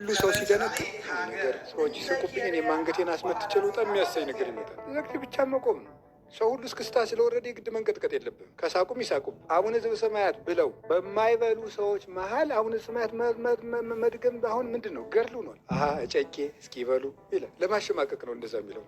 ሁሉ ሰው ሲደነቅ ነገር ሰዎች ሲስቁብኝ እኔ ማንገቴን አስመትቼ ልውጣ የሚያሰኝ ነገር ይመጣል። ብቻ መቆም ነው። ሰው ሁሉ እስክስታ ስለወረደ የግድ መንቀጥቀጥ የለብም። ከሳቁም ይሳቁም አቡነ ዘበሰማያት ብለው በማይበሉ ሰዎች መሀል አቡነ ዘበሰማያት መድገም አሁን ምንድን ነው? ገድል ሆኗል። እጨቄ እስኪ በሉ ይላል። ለማሸማቀቅ ነው እንደዛ የሚለው።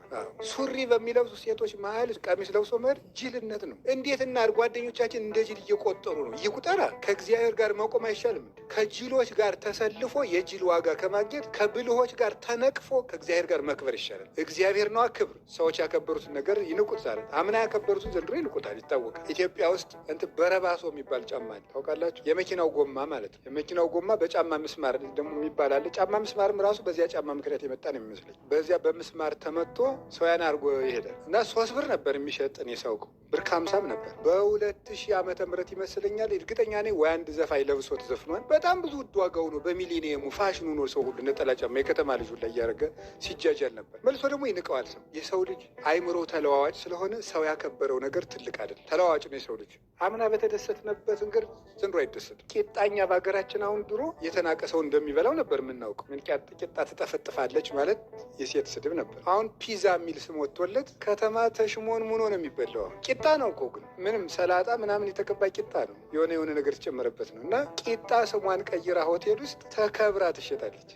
ሱሪ በሚለብሱ ሴቶች መሀል ቀሚስ ለብሶ መሄድ ጅልነት ነው። እንዴት እና ጓደኞቻችን እንደ ጅል እየቆጠሩ ነው። ይቁጠራ። ከእግዚአብሔር ጋር መቆም አይሻልም? ከጅሎች ጋር ተሰልፎ የጅል ዋጋ ከማግኘት ከብልሆች ጋር ተነቅፎ ከእግዚአብሔር ጋር መክበር ይሻላል። እግዚአብሔር ነዋ ክብር። ሰዎች ያከበሩትን ነገር ይንቁት ዛሬ አምና ያከበሩትን ዘንድሮ ይልቁታል። ይታወቃል። ኢትዮጵያ ውስጥ እንትን በረባሶ የሚባል ጫማ ታውቃላችሁ? የመኪናው ጎማ ማለት ነው። የመኪናው ጎማ በጫማ ምስማር ደግሞ የሚባል አለ። ጫማ ምስማርም ራሱ በዚያ ጫማ ምክንያት የመጣ ነው የሚመስለኝ። በዚያ በምስማር ተመቶ ሰውያን አድርጎ ይሄዳል እና ሶስት ብር ነበር የሚሸጥ እኔ ሳውቀው ብር ከሀምሳም ነበር በሁለት ሺህ ዓመተ ምህረት ይመስለኛል። እርግጠኛ ነኝ ወይ አንድ ዘፋኝ ለብሶ ተዘፍኗል። በጣም ብዙ ውድ ዋጋው ነው። በሚሊኒየሙ ፋሽኑ ነው። ሰው ሁሉ ነጠላ ጫማ የከተማ ልጁ ላይ እያደረገ ሲጃጃል ነበር። መልሶ ደግሞ ይንቀዋል። ሰው የሰው ልጅ አይምሮ ተለዋዋጭ ስለሆነ ሰው ያከበረው ነገር ትልቅ አይደለም። ተለዋዋጭ ነው የሰው ልጅ። አምና በተደሰትንበት እንግር ዘንድሮ አይደሰትም። ቂጣኛ በሀገራችን አሁን ድሮ የተናቀ ሰው እንደሚበላው ነበር የምናውቀው። ምን ቂጣ ትጠፈጥፋለች ማለት የሴት ስድብ ነበር። አሁን ፒዛ የሚል ስም ወጥቶለት ከተማ ተሽሞን ሙኖ ነው የሚበላው ቂጣ ነው እኮ ግን ምንም ሰላጣ ምናምን የተቀባ ቂጣ ነው። የሆነ የሆነ ነገር ተጨመረበት ነው እና ቂጣ ስሟን ቀይራ ሆቴል ውስጥ ተከብራ ትሸጣለች።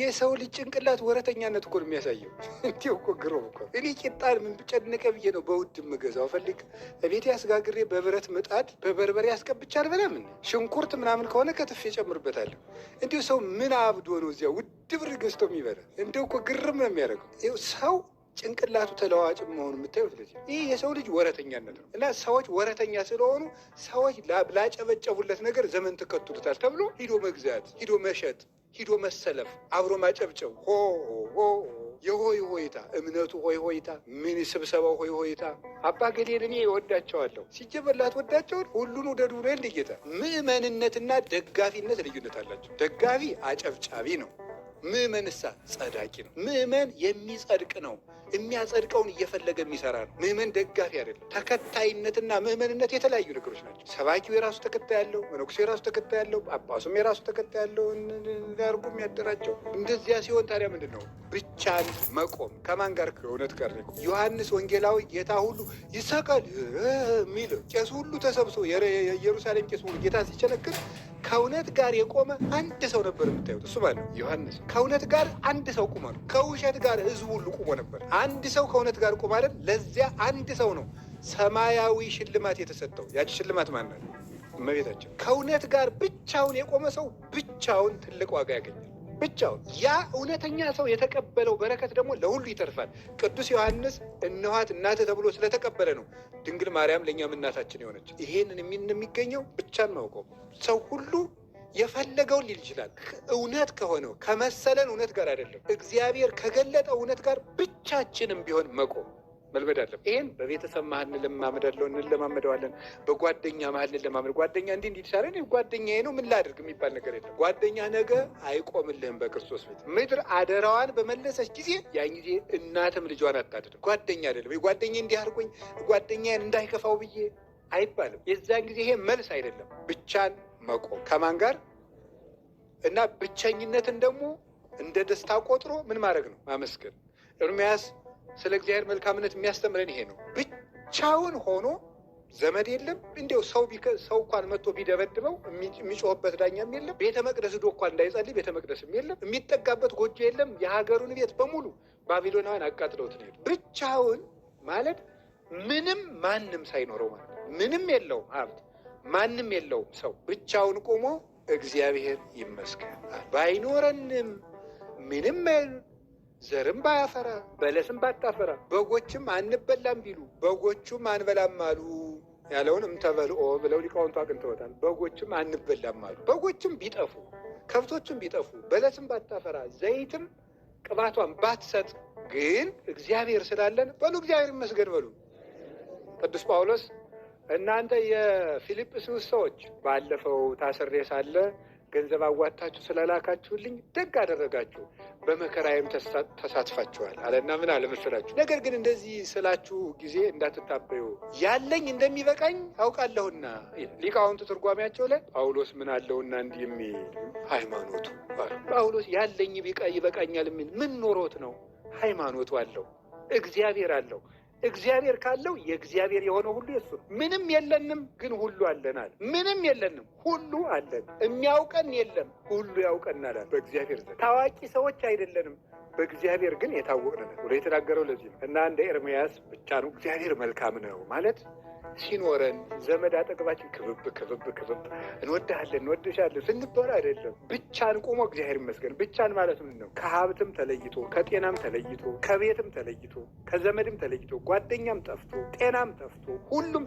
የሰው ልጅ ጭንቅላት ወረተኛነት እኮ ነው የሚያሳየው። እንዲሁ እኮ ግሮ እኮ እኔ ቂጣን ምን ብጨነቀ ብዬ ነው በውድ የምገዛው። ፈልግ ቤት ያስጋግሬ በብረት ምጣድ በበርበሬ አስቀብቻ አልበላም። ሽንኩርት ምናምን ከሆነ ከትፍ እጨምርበታለሁ። እንዲሁ ሰው ምን አብዶ ነው እዚያ ውድ ብር ገዝቶ የሚበላ? እንደው እኮ ግርም ነው የሚያደርገው ሰው ጭንቅላቱ ተለዋጭ መሆኑ የምታዩት ለዚህ ይህ የሰው ልጅ ወረተኛነት ነው። እና ሰዎች ወረተኛ ስለሆኑ ሰዎች ላጨበጨቡለት ነገር ዘመን ትከቱሉታል ተብሎ ሂዶ መግዛት፣ ሂዶ መሸጥ፣ ሂዶ መሰለፍ፣ አብሮ ማጨብጨብ ሆ ሆ የሆይ ሆይታ እምነቱ ሆይ ሆይታ ምን ስብሰባው ሆይ ሆይታ አባ ገሌን እኔ እወዳቸዋለሁ። ሲጀመር ላትወዳቸውን ሁሉን ውደዱ ዱሬ እንደ ምዕመንነትና ደጋፊነት ልዩነት አላቸው። ደጋፊ አጨብጫቢ ነው። ምዕመንሳ ጸዳቂ ነው። ምዕመን የሚጸድቅ ነው። የሚያጸድቀውን እየፈለገ የሚሰራ ነው። ምዕመን ደጋፊ አይደለም። ተከታይነትና ምዕመንነት የተለያዩ ነገሮች ናቸው። ሰባኪው የራሱ ተከታይ ያለው፣ መነኩሴ የራሱ ተከታይ ያለው፣ ጳጳሱም የራሱ ተከታይ ያለው አድርጎ የሚያደራቸው። እንደዚያ ሲሆን ታዲያ ምንድን ነው ብቻን መቆም? ከማን ጋር? ከእውነት ጋር። ዮሐንስ ወንጌላዊ ጌታ ሁሉ ይሰቀል የሚል ቄስ ሁሉ ተሰብስቦ የኢየሩሳሌም ቄስ ሁሉ ጌታ ሲቸነክር ከእውነት ጋር የቆመ አንድ ሰው ነበር የምታዩት። እሱ ማለት ነው ዮሐንስ። ከእውነት ጋር አንድ ሰው ቁመ ነው። ከውሸት ጋር ህዝቡ ሁሉ ቁሞ ነበር። አንድ ሰው ከእውነት ጋር ቁም አይደል? ለዚያ አንድ ሰው ነው ሰማያዊ ሽልማት የተሰጠው። ያች ሽልማት ማናት? እመቤታችን። ከእውነት ጋር ብቻውን የቆመ ሰው ብቻውን ትልቅ ዋጋ ያገኛል። ብቻው ያ እውነተኛ ሰው የተቀበለው በረከት ደግሞ ለሁሉ ይተርፋል። ቅዱስ ዮሐንስ እነኋት እናተ ተብሎ ስለተቀበለ ነው ድንግል ማርያም ለእኛም እናታችን የሆነች። ይሄንን የሚገኘው ብቻን ማውቀው ሰው ሁሉ የፈለገውን ሊል ይችላል። እውነት ከሆነው ከመሰለን እውነት ጋር አይደለም፣ እግዚአብሔር ከገለጠ እውነት ጋር ብቻችንም ቢሆን መቆም መልመድ አለብን። ይህን በቤተሰብ መሀል አለው እንለማመደዋለን። በጓደኛ መሀል እንለማመድ ጓደኛ እንዲህ እንዲሻለን ተሻለ ጓደኛዬ ነው ምን ላድርግ የሚባል ነገር የለም። ጓደኛ ነገ አይቆምልህም በክርስቶስ ፊት። ምድር አደራዋን በመለሰች ጊዜ ያን ጊዜ እናትም ልጇን አታድርም። ጓደኛ አይደለም ጓደኛ እንዲህ አድርጎኝ ጓደኛዬን እንዳይከፋው ብዬ አይባልም። የዛን ጊዜ ይሄ መልስ አይደለም፣ ብቻን መቆም ከማን ጋር እና ብቸኝነትን ደግሞ እንደ ደስታ ቆጥሮ ምን ማድረግ ነው ማመስገን። ኤርምያስ ስለ እግዚአብሔር መልካምነት የሚያስተምረን ይሄ ነው። ብቻውን ሆኖ ዘመድ የለም። እንዲው ሰው ሰው እንኳን መጥቶ ቢደበድበው የሚጮህበት ዳኛም የለም። ቤተ መቅደስ ዶ እንኳን እንዳይጸልይ ቤተ መቅደስም የለም። የሚጠጋበት ጎጆ የለም። የሀገሩን ቤት በሙሉ ባቢሎናውያን አቃጥለውት ነው። ብቻውን ማለት ምንም ማንም ሳይኖረው ማለት ምንም የለውም ሀብት፣ ማንም የለውም ሰው ብቻውን ቆሞ እግዚአብሔር ይመስገን ባይኖረንም ምንም ዘርም ባያፈራ በለስም ባታፈራ በጎችም አንበላም ቢሉ በጎቹም አንበላም አሉ ያለውን እምተበልኦ ብለው ሊቃውንቱ አቅንተወታል። በጎችም አንበላም አሉ። በጎችም ቢጠፉ ከብቶችም ቢጠፉ በለስም ባታፈራ ዘይትም ቅባቷን ባትሰጥ ግን እግዚአብሔር ስላለን በሉ እግዚአብሔር ይመስገን በሉ። ቅዱስ ጳውሎስ እናንተ የፊልጵስዩስ ሰዎች ባለፈው ታስሬ ሳለ ገንዘብ አዋታችሁ ስለላካችሁልኝ ደግ አደረጋችሁ፣ በመከራዬም ተሳትፋችኋል አለና ምን አለ ነገር ግን እንደዚህ ስላችሁ ጊዜ እንዳትታበዩ ያለኝ እንደሚበቃኝ አውቃለሁና። ሊቃውንቱ ትርጓሜያቸው ላይ ጳውሎስ ምን አለውና እንዲህ የሚል ሃይማኖቱ ጳውሎስ ያለኝ ይበቃኛል የሚል ምን ኖሮት ነው? ሃይማኖቱ አለው፣ እግዚአብሔር አለው። እግዚአብሔር ካለው የእግዚአብሔር የሆነ ሁሉ የሱ ነው። ምንም የለንም፣ ግን ሁሉ አለናል። ምንም የለንም፣ ሁሉ አለን። የሚያውቀን የለም፣ ሁሉ ያውቀናል። በእግዚአብሔር ዘንድ ታዋቂ ሰዎች አይደለንም፣ በእግዚአብሔር ግን የታወቅን ብሎ የተናገረው ለዚህ ነው እና እንደ ኤርምያስ ብቻ ነው እግዚአብሔር መልካም ነው ማለት ሲኖረን ዘመድ አጠገባችን ክብብ ክብብ ክብብ እንወድሃለን እንወድሻለን ስንባል አይደለም። ብቻን ቆሞ እግዚአብሔር ይመስገን ብቻን ማለት ምን ነው? ከሀብትም ተለይቶ ከጤናም ተለይቶ ከቤትም ተለይቶ ከዘመድም ተለይቶ ጓደኛም ጠፍቶ ጤናም ጠፍቶ ሁሉም